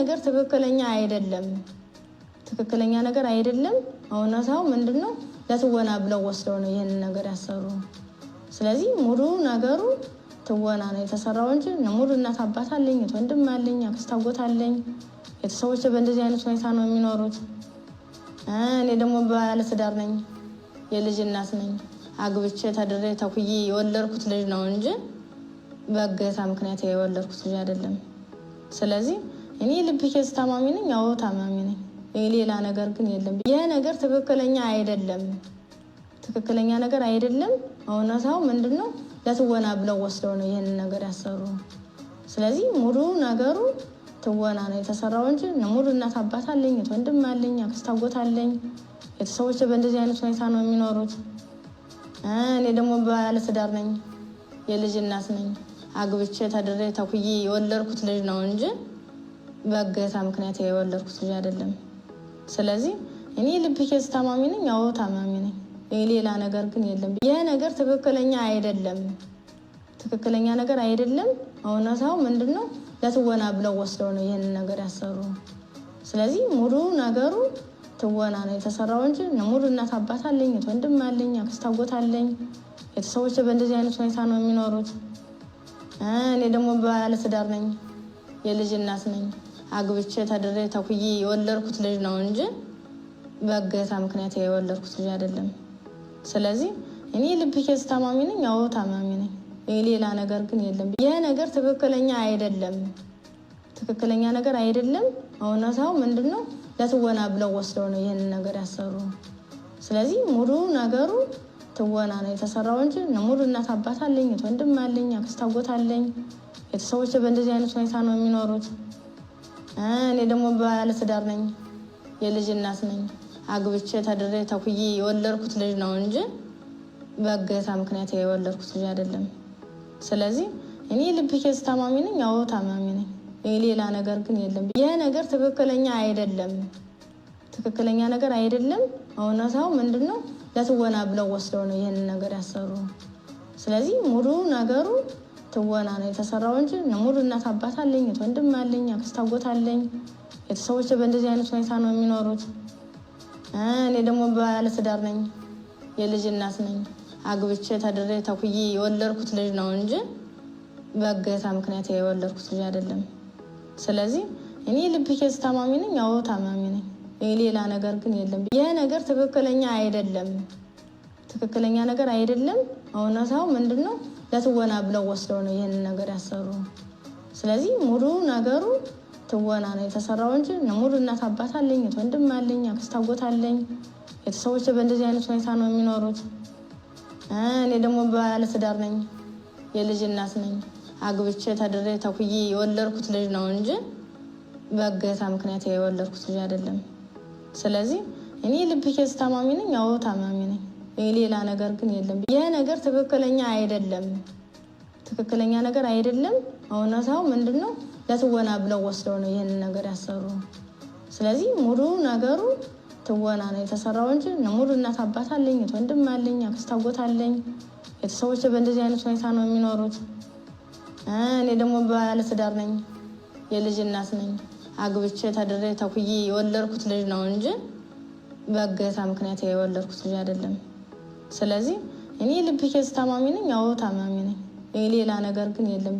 ነገር ትክክለኛ አይደለም፣ ትክክለኛ ነገር አይደለም። እውነታው ምንድን ነው? ለትወና ብለው ወስደው ነው ይህንን ነገር ያሰሩ። ስለዚህ ሙሉ ነገሩ ትወና ነው የተሰራው እንጂ ሙሉ እናት አባት አለኝ፣ ወንድም አለኝ፣ አክስት አጎት አለኝ። ቤተሰቦች በእንደዚህ አይነት ሁኔታ ነው የሚኖሩት። እኔ ደግሞ ባለትዳር ነኝ፣ የልጅ እናት ነኝ። አግብቼ ተድሬ ተኩዬ የወለድኩት ልጅ ነው እንጂ በእገታ ምክንያት የወለድኩት ልጅ አይደለም። ስለዚህ እኔ ልብ ኬዝ ታማሚ ነኝ። አዎ ታማሚ ነኝ። ሌላ ነገር ግን የለም። ይህ ነገር ትክክለኛ አይደለም፣ ትክክለኛ ነገር አይደለም። እውነታው ምንድን ነው? ለትወና ብለው ወስደው ነው ይህንን ነገር ያሰሩ። ስለዚህ ሙሉ ነገሩ ትወና ነው የተሰራው እንጂ ሙሉ እናት አባት አለኝ፣ ወንድም አለኝ፣ አክስት አጎት አለኝ። ቤተሰቦች በእንደዚህ አይነት ሁኔታ ነው የሚኖሩት። እኔ ደግሞ ባለትዳር ነኝ፣ የልጅ እናት ነኝ። አግብቼ ተድሬ ተኩዬ የወለድኩት ልጅ ነው እንጂ በእገታ ምክንያት የወለድኩት ልጅ አይደለም። ስለዚህ እኔ ልብ ኬዝ ታማሚ ነኝ፣ አዎ ታማሚ ነኝ። ሌላ ነገር ግን የለም። ይህ ነገር ትክክለኛ አይደለም፣ ትክክለኛ ነገር አይደለም። እውነታው ምንድን ነው? ለትወና ብለው ወስደው ነው ይህንን ነገር ያሰሩ። ስለዚህ ሙሉ ነገሩ ትወና ነው የተሰራው እንጂ ሙሉ እናት አባት አለኝ፣ ወንድም አለኝ፣ አክስት አጎት አለኝ። ቤተሰቦች በእንደዚህ አይነት ሁኔታ ነው የሚኖሩት። እኔ ደግሞ ባለትዳር ነኝ፣ የልጅ እናት ነኝ። አግብቼ ተድሬ ተኩዬ የወለድኩት ልጅ ነው እንጂ በእገታ ምክንያት የወለድኩት ልጅ አይደለም። ስለዚህ እኔ ልብ ኬዝ ታማሚ ነኝ፣ አዎ ታማሚ ነኝ። የሌላ ነገር ግን የለም። ይህ ነገር ትክክለኛ አይደለም፣ ትክክለኛ ነገር አይደለም። እውነታው ምንድን ነው? ለትወና ብለው ወስደው ነው ይህንን ነገር ያሰሩ። ስለዚህ ሙሉ ነገሩ ትወና ነው የተሰራው እንጂ ሙሉ እናት አባት አለኝ፣ ወንድም አለኝ፣ አክስት አጎት አለኝ። ቤተሰቦች በእንደዚህ አይነት ሁኔታ ነው የሚኖሩት። እኔ ደግሞ ባለትዳር ነኝ፣ የልጅ እናት ነኝ። አግብቼ ተድሬ ተኩዬ የወለድኩት ልጅ ነው እንጂ በእገታ ምክንያት የወለድኩት ልጅ አይደለም። ስለዚህ እኔ ልብ ኬዝ ታማሚ ነኝ፣ አዎ ታማሚ ነኝ። ሌላ ነገር ግን የለም። ይህ ነገር ትክክለኛ አይደለም፣ ትክክለኛ ነገር አይደለም። እውነታው ምንድን ነው? ለትወና ብለው ወስደው ነው ይህንን ነገር ያሰሩ። ስለዚህ ሙሉ ነገሩ ትወና ነው የተሰራው እንጂ ሙሉ እናት አባት አለኝ፣ ወንድም አለኝ፣ አክስት አጎት አለኝ። ቤተሰቦች በእንደዚህ አይነት ሁኔታ ነው የሚኖሩት። እኔ ደግሞ ባለትዳር ነኝ፣ የልጅ እናት ነኝ። አግብቼ ተድሬ ተኩዬ የወለድኩት ልጅ ነው እንጂ በእገታ ምክንያት የወለድኩት ልጅ አይደለም። ስለዚህ እኔ ልብ ኬዝ ታማሚ ነኝ፣ አዎ ታማሚ ነኝ። ሌላ ነገር ግን የለም። ይህ ነገር ትክክለኛ አይደለም፣ ትክክለኛ ነገር አይደለም። እውነታው ምንድን ነው? ለትወና ብለው ወስደው ነው ይህንን ነገር ያሰሩ። ስለዚህ ሙሉ ነገሩ ትወና ነው የተሰራው እንጂ ሙሉ እናት አባት አለኝ፣ ወንድም አለኝ፣ አክስት አጎት አለኝ። ቤተሰቦች በእንደዚህ አይነት ሁኔታ ነው የሚኖሩት። እኔ ደግሞ ባለትዳር ነኝ፣ የልጅ እናት ነኝ። አግብቼ ተድሬ ተኩዬ የወለድኩት ልጅ ነው እንጂ በእገታ ምክንያት የወለድኩት ልጅ አይደለም። ስለዚህ እኔ ልብ ኬዝ ታማሚ ነኝ፣ አዎ ታማሚ ነኝ። የሌላ ነገር ግን የለም። ይህ ነገር ትክክለኛ አይደለም፣ ትክክለኛ ነገር አይደለም። እውነታው ምንድን ነው? ለትወና ብለው ወስደው ነው ይህንን ነገር ያሰሩ። ስለዚህ ሙሉ ነገሩ ትወና ነው የተሰራው እንጂ ሙሉ እናት አባት አለኝ፣ ወንድም አለኝ፣ አክስት አጎት አለኝ። ቤተሰቦች በእንደዚህ አይነት ሁኔታ ነው የሚኖሩት። እኔ ደግሞ ባለትዳር ነኝ፣ የልጅ እናት ነኝ። አግብቼ ተድሬ ተኩዬ የወለድኩት ልጅ ነው እንጂ በእገታ ምክንያት የወለድኩት ልጅ አይደለም። ስለዚህ እኔ ልብ ኬዝ ታማሚ ነኝ። አዎ ታማሚ ነኝ። ሌላ ነገር ግን የለም።